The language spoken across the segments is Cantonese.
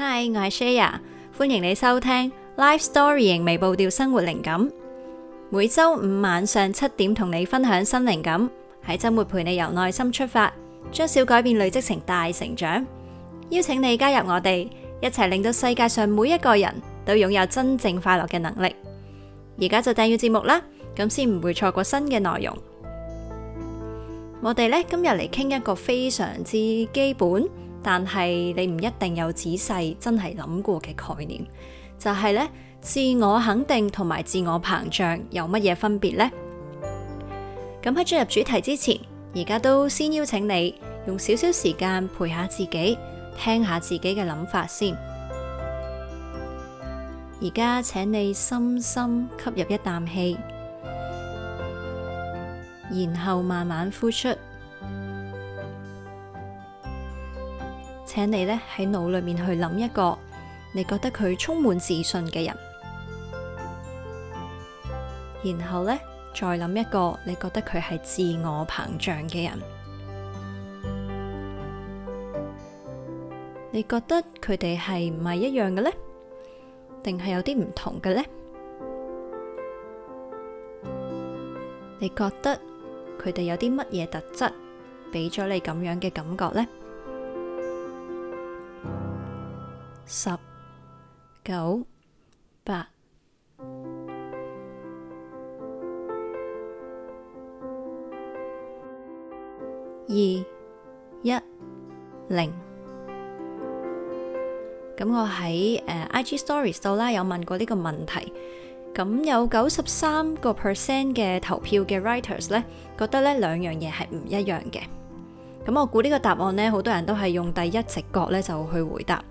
嗨，我係 Shaya，歡迎你收聽 Life Story，仍未步調生活靈感。每周五晚上七點同你分享新靈感，喺周末陪你由內心出發，將小改變累積成大成長。邀請你加入我哋，一齊令到世界上每一個人都擁有真正快樂嘅能力。而家就訂閱節目啦，咁先唔會錯過新嘅內容。我哋呢今日嚟傾一個非常之基本。但係你唔一定有仔細真係諗過嘅概念，就係呢，自我肯定同埋自我膨脹有乜嘢分別呢？咁喺進入主題之前，而家都先邀請你用少少時間陪下自己，聽下自己嘅諗法先。而家請你深深吸入一啖氣，然後慢慢呼出。請你呢喺腦裏面去諗一個你覺得佢充滿自信嘅人，然後呢再諗一個你覺得佢係自我膨脹嘅人。你覺得佢哋係唔係一樣嘅呢？定係有啲唔同嘅呢？你覺得佢哋有啲乜嘢特質俾咗你咁樣嘅感覺呢？十九八二一零，咁我喺誒 IG Story 度啦，有問過呢個問題，咁有九十三個 percent 嘅投票嘅 writers 呢，覺得呢兩樣嘢係唔一樣嘅。咁我估呢個答案呢，好多人都係用第一直覺呢就去回答。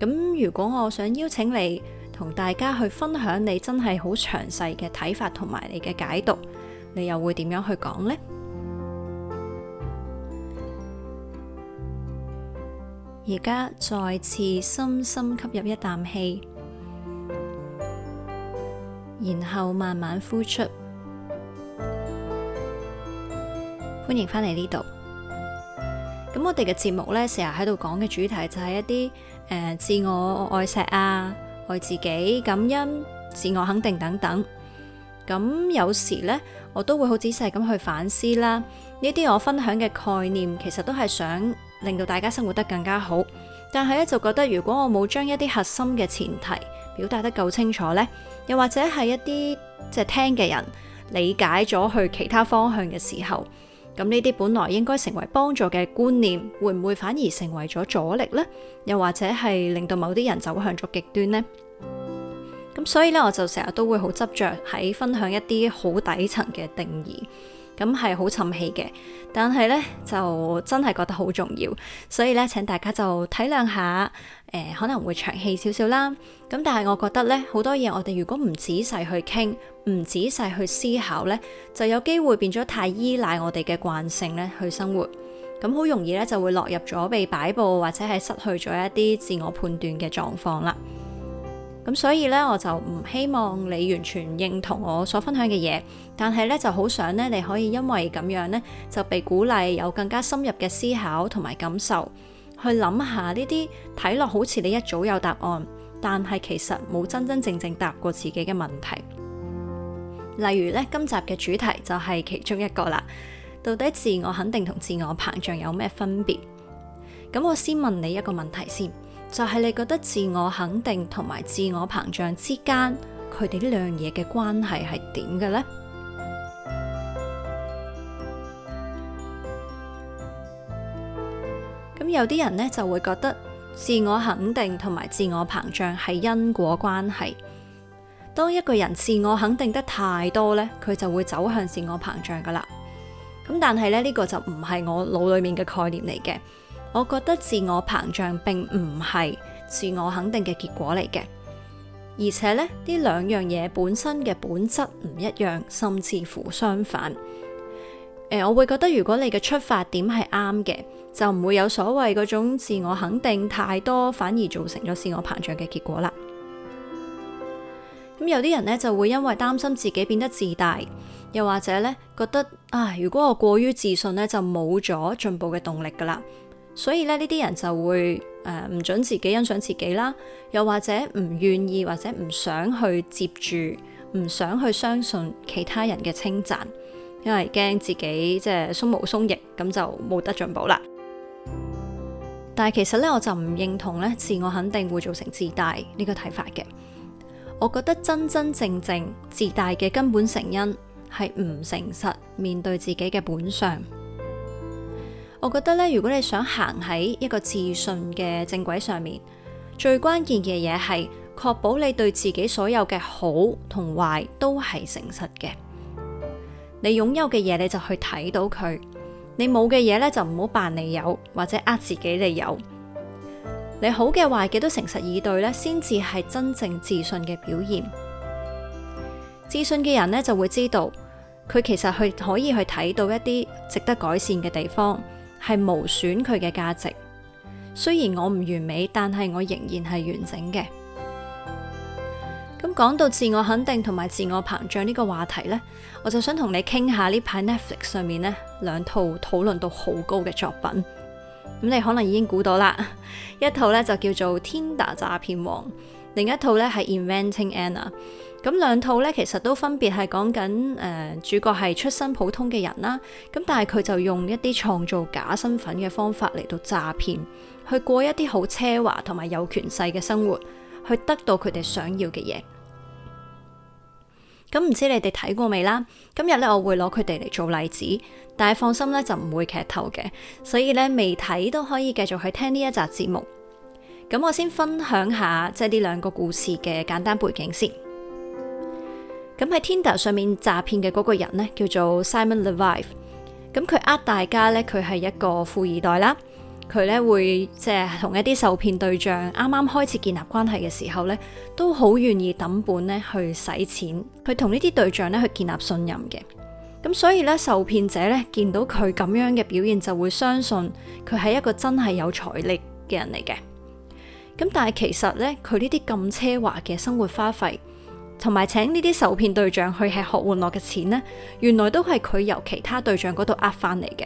咁如果我想邀請你同大家去分享你真係好詳細嘅睇法同埋你嘅解讀，你又會點樣去講呢？而家再次深深吸入一啖氣，然後慢慢呼出。歡迎返嚟呢度。咁我哋嘅節目呢，成日喺度講嘅主題就係一啲誒自我愛惜啊、愛自己、感恩、自我肯定等等。咁有時呢，我都會好仔細咁去反思啦。呢啲我分享嘅概念，其實都係想令到大家生活得更加好。但係咧，就覺得如果我冇將一啲核心嘅前提表達得夠清楚呢，又或者係一啲即係聽嘅人理解咗去其他方向嘅時候。咁呢啲本來應該成為幫助嘅觀念，會唔會反而成為咗阻力呢？又或者係令到某啲人走向咗極端呢？咁所以呢，我就成日都會好執着喺分享一啲好底層嘅定義，咁係好沉氣嘅，但係呢就真係覺得好重要，所以呢，請大家就體諒下，誒，可能會長氣少少啦。咁但係，我覺得咧，好多嘢，我哋如果唔仔細去傾，唔仔細去思考咧，就有機會變咗太依賴我哋嘅慣性咧去生活。咁好容易咧就會落入咗被擺布，或者係失去咗一啲自我判斷嘅狀況啦。咁所以咧，我就唔希望你完全認同我所分享嘅嘢，但係咧就好想咧你可以因為咁樣咧就被鼓勵有更加深入嘅思考同埋感受，去諗下呢啲，睇落好似你一早有答案。但係其實冇真真正正答過自己嘅問題，例如呢，今集嘅主題就係其中一個啦。到底自我肯定同自我膨脹有咩分別？咁我先問你一個問題先，就係你覺得自我肯定同埋自我膨脹之間，佢哋呢兩樣嘢嘅關係係點嘅呢？咁有啲人呢就會覺得。自我肯定同埋自我膨脹係因果關係。當一個人自我肯定得太多咧，佢就會走向自我膨脹噶啦咁但係咧，呢個就唔係我腦裏面嘅概念嚟嘅。我覺得自我膨脹並唔係自我肯定嘅結果嚟嘅，而且咧，呢兩樣嘢本身嘅本質唔一樣，甚至乎相反。誒、欸，我會覺得如果你嘅出發點係啱嘅，就唔會有所謂嗰種自我肯定太多，反而造成咗自我膨脹嘅結果啦。咁有啲人呢，就會因為擔心自己變得自大，又或者呢，覺得啊，如果我過於自信呢，就冇咗進步嘅動力㗎喇。所以呢，呢啲人就會誒唔、呃、准自己欣賞自己啦，又或者唔願意或者唔想去接住，唔想去相信其他人嘅稱讚。因為驚自己即係鬆毛鬆翼，咁就冇得進步啦。但係其實咧，我就唔認同咧自我肯定會造成自大呢個睇法嘅。我覺得真真正正自大嘅根本成因係唔誠實面對自己嘅本相。我覺得咧，如果你想行喺一個自信嘅正軌上面，最關鍵嘅嘢係確保你對自己所有嘅好同壞都係誠實嘅。你擁有嘅嘢，你就去睇到佢，你冇嘅嘢咧就唔好扮你有，或者呃自己你有。你好嘅壞嘅都誠實以對咧，先至係真正自信嘅表現。自信嘅人咧就會知道，佢其實去可以去睇到一啲值得改善嘅地方，係無損佢嘅價值。雖然我唔完美，但係我仍然係完整嘅。講到自我肯定同埋自我膨脹呢個話題呢，我就想同你傾下呢排 Netflix 上面呢兩套討論到好高嘅作品。咁你可能已經估到啦，一套呢就叫做《Tinder 詐騙王》，另一套呢係《Inventing Anna》。咁兩套呢其實都分別係講緊誒主角係出身普通嘅人啦。咁但係佢就用一啲創造假身份嘅方法嚟到詐騙，去過一啲好奢華同埋有權勢嘅生活，去得到佢哋想要嘅嘢。咁唔知你哋睇過未啦？今日咧我會攞佢哋嚟做例子，但係放心咧就唔會劇透嘅，所以咧未睇都可以繼續去聽呢一集節目。咁我先分享下即係呢兩個故事嘅簡單背景先。咁喺 Tinder 上面詐騙嘅嗰個人咧叫做 Simon Leviev。咁佢呃大家咧佢係一個富二代啦。佢咧會即係同一啲受騙對象啱啱開始建立關係嘅時候咧，都好願意抌本咧去使錢，去同呢啲對象咧去建立信任嘅。咁所以咧受騙者咧見到佢咁樣嘅表現，就會相信佢係一個真係有財力嘅人嚟嘅。咁但係其實咧，佢呢啲咁奢華嘅生活花費，同埋請呢啲受騙對象去吃喝玩樂嘅錢咧，原來都係佢由其他對象嗰度呃返嚟嘅。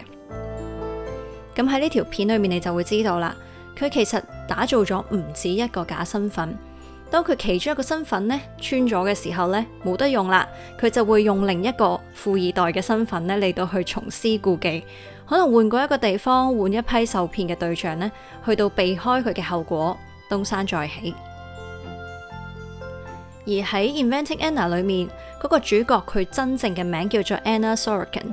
咁喺呢條片裏面，你就會知道啦。佢其實打造咗唔止一個假身份，當佢其中一個身份呢穿咗嘅時候呢冇得用啦，佢就會用另一個富二代嘅身份呢嚟到去重施故技，可能換過一個地方，換一批受騙嘅對象呢去到避開佢嘅後果，東山再起。而喺 Inventing Anna 裏面，嗰、那個主角佢真正嘅名叫做 Anna Sorokin。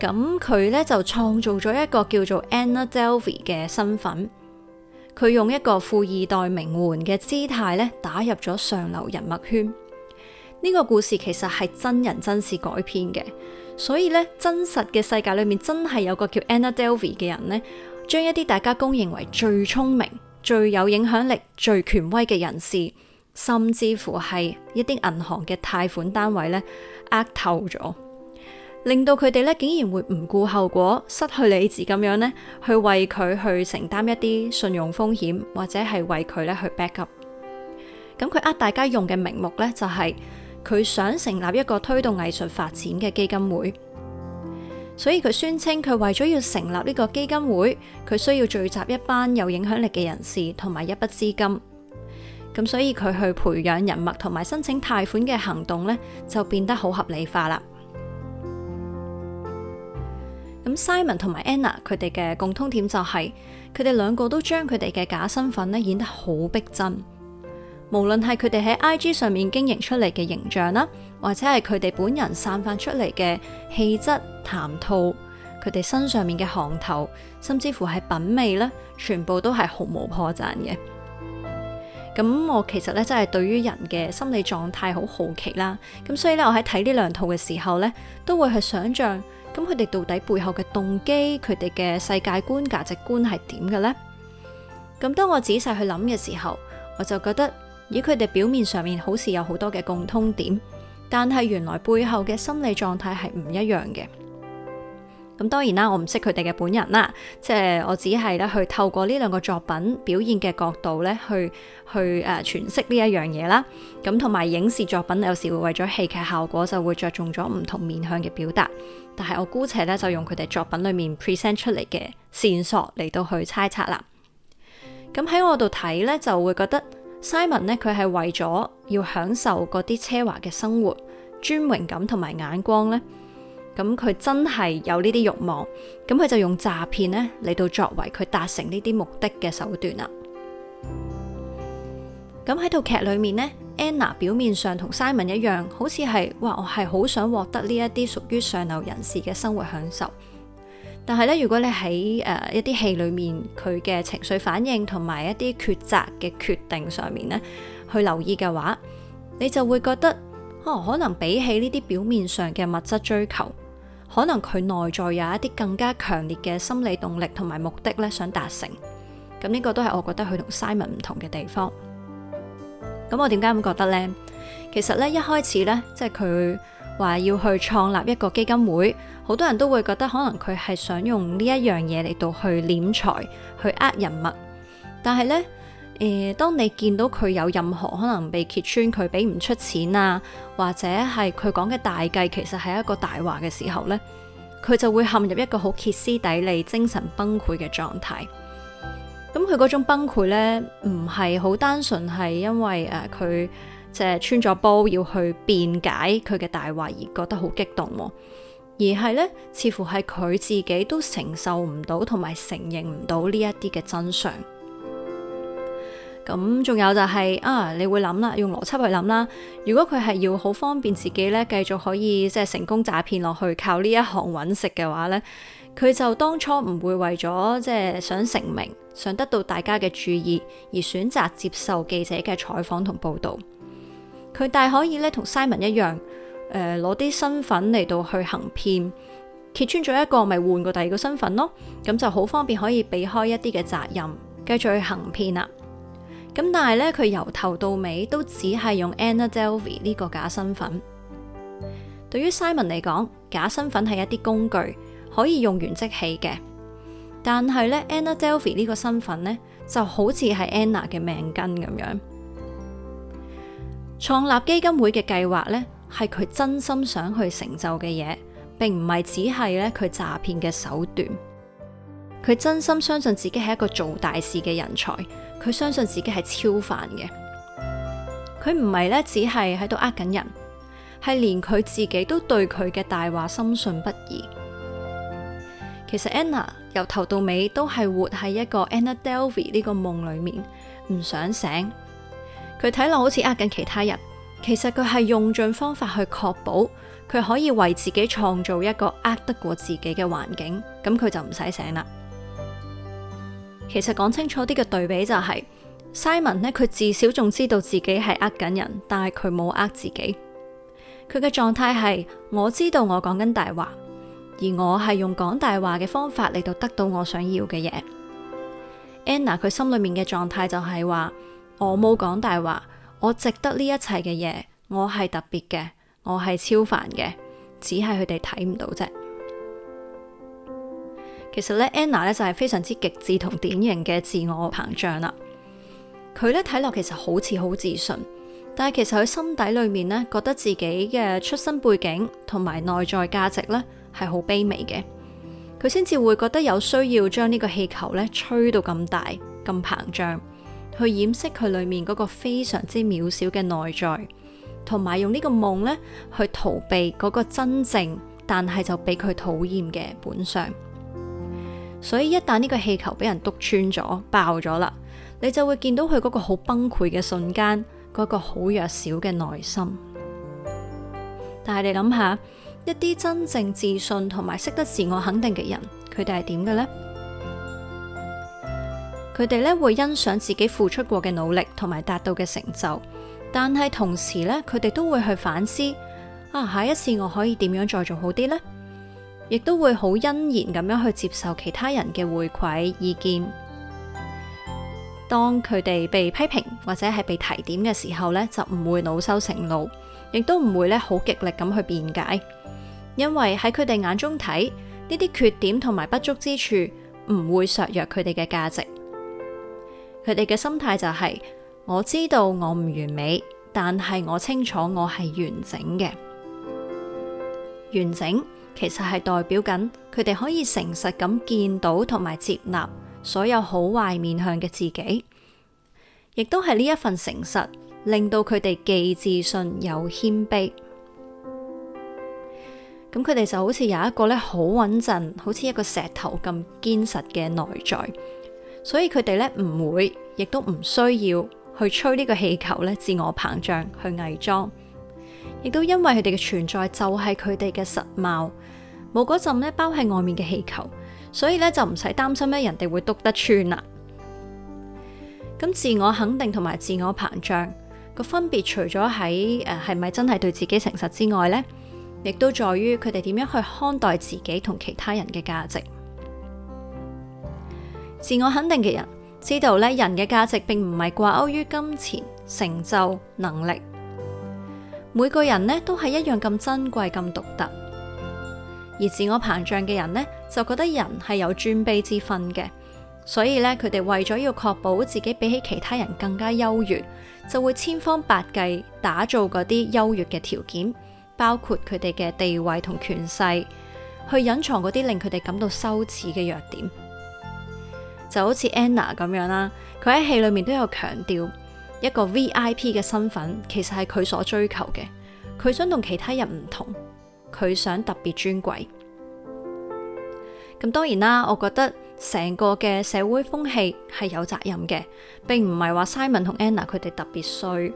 咁佢咧就創造咗一個叫做 Anna Delvey 嘅身份，佢用一個富二代名媛嘅姿態咧，打入咗上流人脈圈。呢個故事其實係真人真事改編嘅，所以咧真實嘅世界裏面真係有個叫 Anna Delvey 嘅人呢，將一啲大家公認為最聰明、最有影響力、最權威嘅人士，甚至乎係一啲銀行嘅貸款單位咧，呃透咗。令到佢哋咧，竟然會唔顧後果、失去理智咁樣咧，去為佢去承擔一啲信用風險，或者係為佢咧去 back up。咁佢呃大家用嘅名目呢，就係佢想成立一個推動藝術發展嘅基金會。所以佢宣稱佢為咗要成立呢個基金會，佢需要聚集一班有影響力嘅人士同埋一筆資金。咁所以佢去培養人脈同埋申請貸款嘅行動呢，就變得好合理化啦。咁 Simon 同埋 Anna 佢哋嘅共通點就係，佢哋兩個都將佢哋嘅假身份咧演得好逼真，無論係佢哋喺 IG 上面經營出嚟嘅形象啦，或者係佢哋本人散發出嚟嘅氣質、談吐，佢哋身上面嘅行頭，甚至乎係品味咧，全部都係毫無破綻嘅。咁我其實咧真係對於人嘅心理狀態好好奇啦。咁所以咧，我喺睇呢兩套嘅時候咧，都會去想象。咁佢哋到底背後嘅動機，佢哋嘅世界觀、價值觀係點嘅呢？咁當我仔細去諗嘅時候，我就覺得以佢哋表面上面好似有好多嘅共通點，但係原來背後嘅心理狀態係唔一樣嘅。咁當然啦，我唔識佢哋嘅本人啦，即係我只係咧去透過呢兩個作品表現嘅角度咧，去去誒、呃、詮釋呢一樣嘢啦。咁同埋影視作品有時會為咗戲劇效果，就會着重咗唔同面向嘅表達。但係我姑且咧就用佢哋作品裡面 present 出嚟嘅線索嚟到去猜測啦。咁喺我度睇咧，就會覺得 Simon 呢，佢係為咗要享受嗰啲奢華嘅生活、尊榮感同埋眼光咧。咁佢真係有呢啲欲望，咁佢就用詐騙咧嚟到作為佢達成呢啲目的嘅手段啦。咁喺套劇裡面呢，Anna 表面上同 Simon 一樣，好似係話我係好想獲得呢一啲屬於上流人士嘅生活享受。但係咧，如果你喺誒、呃、一啲戲裡面佢嘅情緒反應同埋一啲抉擇嘅決定上面呢，去留意嘅話，你就會覺得哦，可能比起呢啲表面上嘅物質追求。可能佢內在有一啲更加強烈嘅心理動力同埋目的咧，想達成，咁呢個都係我覺得佢同 Simon 唔同嘅地方。咁我點解咁覺得呢？其實咧一開始咧，即係佢話要去創立一個基金會，好多人都會覺得可能佢係想用呢一樣嘢嚟到去斂財、去呃人物，但係呢。誒，當你見到佢有任何可能被揭穿，佢俾唔出錢啊，或者係佢講嘅大計其實係一個大話嘅時候呢，佢就會陷入一個好歇斯底里、精神崩潰嘅狀態。咁佢嗰種崩潰呢，唔係好單純係因為誒佢即係穿咗煲要去辯解佢嘅大話而覺得好激動，啊，而係呢，似乎係佢自己都承受唔到同埋承認唔到呢一啲嘅真相。咁仲有就係、是、啊，你會諗啦，用邏輯去諗啦。如果佢係要好方便自己咧，繼續可以即係成功詐騙落去，靠呢一行揾食嘅話呢，佢就當初唔會為咗即係想成名，想得到大家嘅注意而選擇接受記者嘅採訪同報道。佢大可以咧，同 Simon 一樣，誒、呃，攞啲身份嚟到去行騙，揭穿咗一個，咪換個第二個身份咯。咁就好方便可以避開一啲嘅責任，繼續去行騙啦。咁但係咧，佢由頭到尾都只係用 Anna Delvey 呢個假身份。對於 Simon 嚟講，假身份係一啲工具，可以用完即棄嘅。但係咧，Anna Delvey 呢個身份呢，就好似係 Anna 嘅命根咁樣。創立基金會嘅計劃呢，係佢真心想去成就嘅嘢，並唔係只係咧佢詐騙嘅手段。佢真心相信自己係一個做大事嘅人才。佢相信自己係超凡嘅，佢唔係咧只係喺度呃緊人，係連佢自己都對佢嘅大話深信不疑。其實 Anna 由頭到尾都係活喺一個 Anna Delvey 呢個夢裏面，唔想醒。佢睇落好似呃緊其他人，其實佢係用盡方法去確保佢可以為自己創造一個呃得過自己嘅環境，咁佢就唔使醒啦。其實講清楚啲嘅對比就係，Simon 呢，佢至少仲知道自己係呃緊人，但係佢冇呃自己。佢嘅狀態係我知道我講緊大話，而我係用講大話嘅方法嚟到得到我想要嘅嘢。Anna 佢心裏面嘅狀態就係話我冇講大話，我值得呢一切嘅嘢，我係特別嘅，我係超凡嘅，只係佢哋睇唔到啫。其實咧，Anna 咧就係非常之極致同典型嘅自我膨脹啦。佢咧睇落其實好似好自信，但係其實佢心底裏面咧覺得自己嘅出身背景同埋內在價值咧係好卑微嘅。佢先至會覺得有需要將呢個氣球咧吹到咁大咁膨脹，去掩飾佢裏面嗰個非常之渺小嘅內在，同埋用呢個夢咧去逃避嗰個真正但係就俾佢討厭嘅本相。所以一旦呢個氣球俾人督穿咗，爆咗啦，你就會見到佢嗰個好崩潰嘅瞬間，嗰個好弱小嘅內心。但係你諗下，一啲真正自信同埋識得自我肯定嘅人，佢哋係點嘅呢？佢哋咧會欣賞自己付出過嘅努力同埋達到嘅成就，但係同時咧，佢哋都會去反思：「啊，下一次我可以點樣再做好啲呢？」亦都會好欣然咁樣去接受其他人嘅回饋意見。當佢哋被批評或者係被提點嘅時候呢，就唔會惱羞成怒，亦都唔會呢好極力咁去辯解，因為喺佢哋眼中睇呢啲缺點同埋不足之處唔會削弱佢哋嘅價值。佢哋嘅心態就係、是、我知道我唔完美，但係我清楚我係完整嘅，完整。其實係代表緊，佢哋可以誠實咁見到同埋接納所有好壞面向嘅自己，亦都係呢一份誠實令到佢哋既自信又謙卑。咁佢哋就好似有一個咧好穩陣，好似一個石頭咁堅實嘅內在，所以佢哋咧唔會，亦都唔需要去吹呢個氣球咧自我膨脹去偽裝。亦都因為佢哋嘅存在就係佢哋嘅實貌，冇嗰陣咧包喺外面嘅氣球，所以咧就唔使擔心咧人哋會篤得穿啦。咁自我肯定同埋自我膨脹個分別除，除咗喺誒係咪真係對自己誠實之外呢，亦都在於佢哋點樣去看待自己同其他人嘅價值。自我肯定嘅人知道咧人嘅價值並唔係掛鈎於金錢、成就、能力。每個人呢都係一樣咁珍貴咁獨特，而自我膨脹嘅人呢，就覺得人係有尊卑之分嘅，所以咧佢哋為咗要確保自己比起其他人更加優越，就會千方百計打造嗰啲優越嘅條件，包括佢哋嘅地位同權勢，去隱藏嗰啲令佢哋感到羞恥嘅弱點。就好似 Anna 咁樣啦，佢喺戲裏面都有強調。一個 VIP 嘅身份，其實係佢所追求嘅。佢想同其他人唔同，佢想特別尊貴。咁當然啦，我覺得成個嘅社會風氣係有責任嘅，並唔係話 Simon 同 Anna 佢哋特別衰。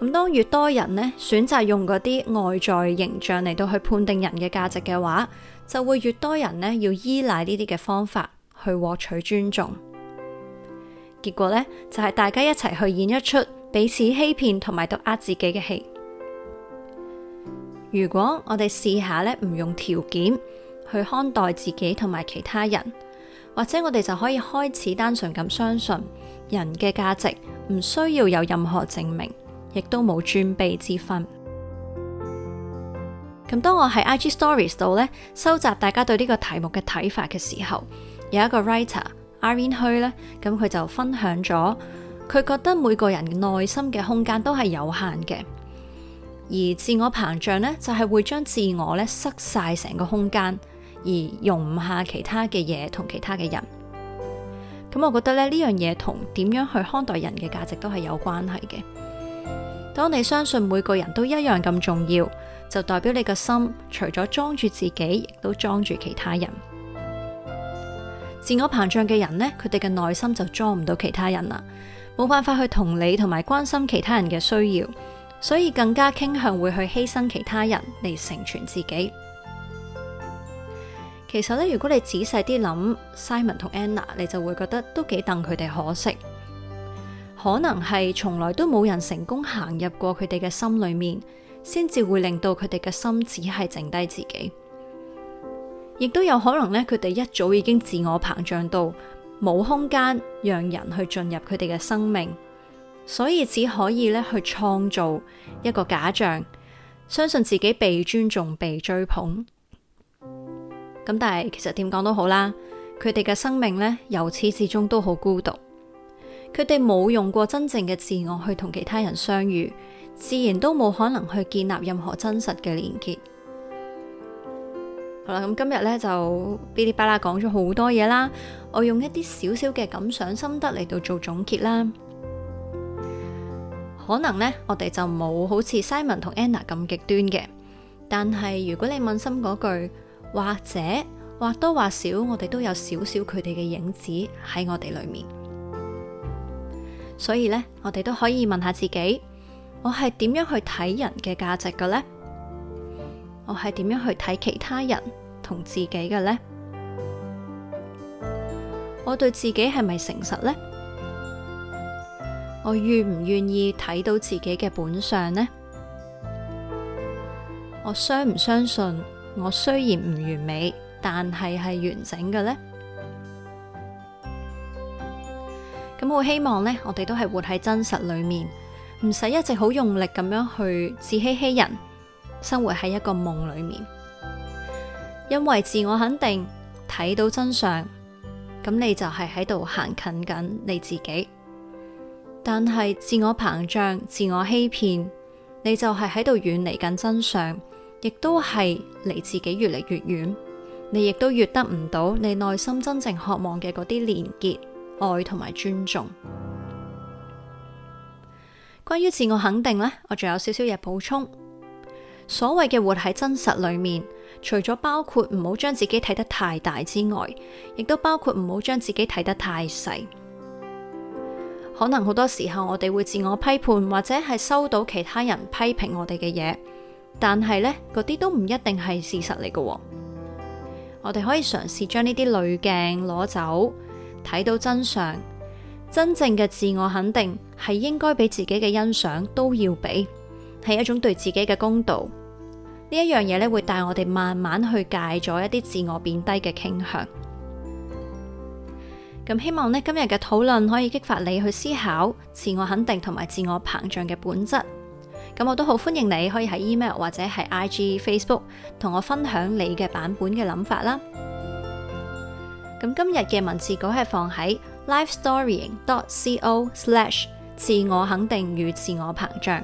咁當越多人呢選擇用嗰啲外在形象嚟到去判定人嘅價值嘅話，就會越多人呢要依賴呢啲嘅方法去獲取尊重。結果呢，就係大家一齊去演一出彼此欺騙同埋都呃自己嘅戲。如果我哋試下呢，唔用條件去看待自己同埋其他人，或者我哋就可以開始單純咁相信人嘅價值，唔需要有任何證明，亦都冇尊卑之分。咁當我喺 IG Stories 度呢，收集大家對呢個題目嘅睇法嘅時候，有一個 writer。Irene 去咧，咁佢就分享咗，佢覺得每個人內心嘅空間都係有限嘅，而自我膨脹咧就係、是、會將自我咧塞晒成個空間，而容唔下其他嘅嘢同其他嘅人。咁、嗯、我覺得咧呢樣嘢同點樣去看待人嘅價值都係有關係嘅。當你相信每個人都一樣咁重要，就代表你個心除咗裝住自己，亦都裝住其他人。自我膨脹嘅人呢，佢哋嘅內心就裝唔到其他人啦，冇辦法去同理同埋關心其他人嘅需要，所以更加傾向會去犧牲其他人嚟成全自己。其實咧，如果你仔細啲諗，Simon 同 Anna，你就會覺得都幾戥佢哋可惜。可能係從來都冇人成功行入過佢哋嘅心裏面，先至會令到佢哋嘅心只係剩低自己。亦都有可能咧，佢哋一早已經自我膨脹到冇空間讓人去進入佢哋嘅生命，所以只可以咧去創造一個假象，相信自己被尊重、被追捧。咁但係其實點講都好啦，佢哋嘅生命咧由始至終都好孤獨，佢哋冇用過真正嘅自我去同其他人相遇，自然都冇可能去建立任何真實嘅連結。好啦，咁今日咧就嗶哩吧啦講咗好多嘢啦，我用一啲少少嘅感想心得嚟到做總結啦。可能呢，我哋就冇好似 Simon 同 Anna 咁極端嘅，但係如果你問心嗰句，或者或多或少，我哋都有少少佢哋嘅影子喺我哋裏面。所以呢，我哋都可以問下自己，我係點樣去睇人嘅價值嘅呢？我係點樣去睇其他人同自己嘅呢？我對自己係咪誠實呢？我願唔願意睇到自己嘅本相呢？我相唔相信我雖然唔完美，但係係完整嘅呢？咁我希望呢，我哋都係活喺真實裏面，唔使一直好用力咁樣去自欺欺人。生活喺一個夢裏面，因為自我肯定，睇到真相，咁你就係喺度行近緊你自己。但係自我膨脹、自我欺騙，你就係喺度遠離緊真相，亦都係離自己越嚟越遠。你亦都越得唔到你內心真正渴望嘅嗰啲連結、愛同埋尊重。關於自我肯定呢，我仲有少少嘢補充。所謂嘅活喺真實裏面，除咗包括唔好將自己睇得太大之外，亦都包括唔好將自己睇得太細。可能好多時候我哋會自我批判，或者係收到其他人批評我哋嘅嘢，但係呢嗰啲都唔一定係事實嚟嘅。我哋可以嘗試將呢啲濾鏡攞走，睇到真相。真正嘅自我肯定係應該俾自己嘅欣賞都要俾。係一種對自己嘅公道。呢一樣嘢咧，會帶我哋慢慢去戒咗一啲自我貶低嘅傾向。咁希望咧，今日嘅討論可以激發你去思考自我肯定同埋自我膨脹嘅本質。咁我都好歡迎你可以喺 email 或者係 IG、Facebook 同我分享你嘅版本嘅諗法啦。咁今日嘅文字稿係放喺 lifestorying.co/self 自我肯定與自我膨脹。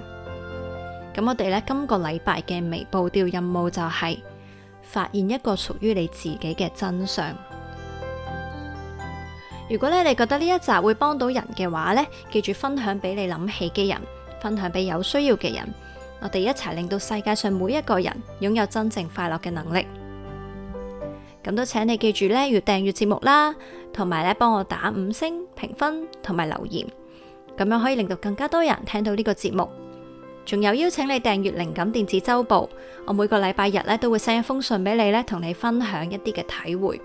咁我哋呢，今個禮拜嘅微布調微步調任務就係發現一個屬於你自己嘅真相。如果咧你覺得呢一集會幫到人嘅話呢，記住分享俾你諗起嘅人，分享俾有需要嘅人。我哋一齊令到世界上每一個人擁有真正快樂嘅能力。咁都請你記住呢，要訂閱節目啦，同埋咧幫我打五星評分同埋留言，咁樣可以令到更加多人聽到呢個節目。仲有邀請你訂閱靈感電子周報，我每個禮拜日咧都會 send 一封信俾你咧，同你分享一啲嘅體會。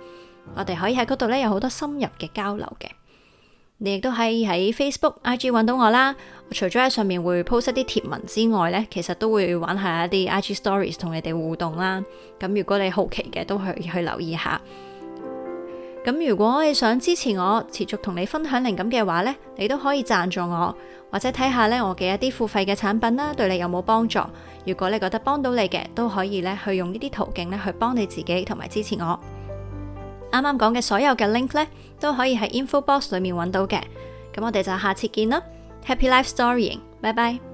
我哋可以喺嗰度咧有好多深入嘅交流嘅。你亦都係喺 Facebook、IG 揾到我啦。我除咗喺上面會 post 一啲貼文之外咧，其實都會玩下一啲 IG Stories 同你哋互動啦。咁如果你好奇嘅，都去去留意下。咁如果你想支持我，持續同你分享靈感嘅話呢，你都可以贊助我，或者睇下呢我嘅一啲付費嘅產品啦，對你有冇幫助？如果你覺得幫到你嘅，都可以呢去用呢啲途徑呢去幫你自己同埋支持我。啱啱講嘅所有嘅 link 呢，都可以喺 info box 裏面揾到嘅。咁我哋就下次見啦，Happy Life Storying，拜拜。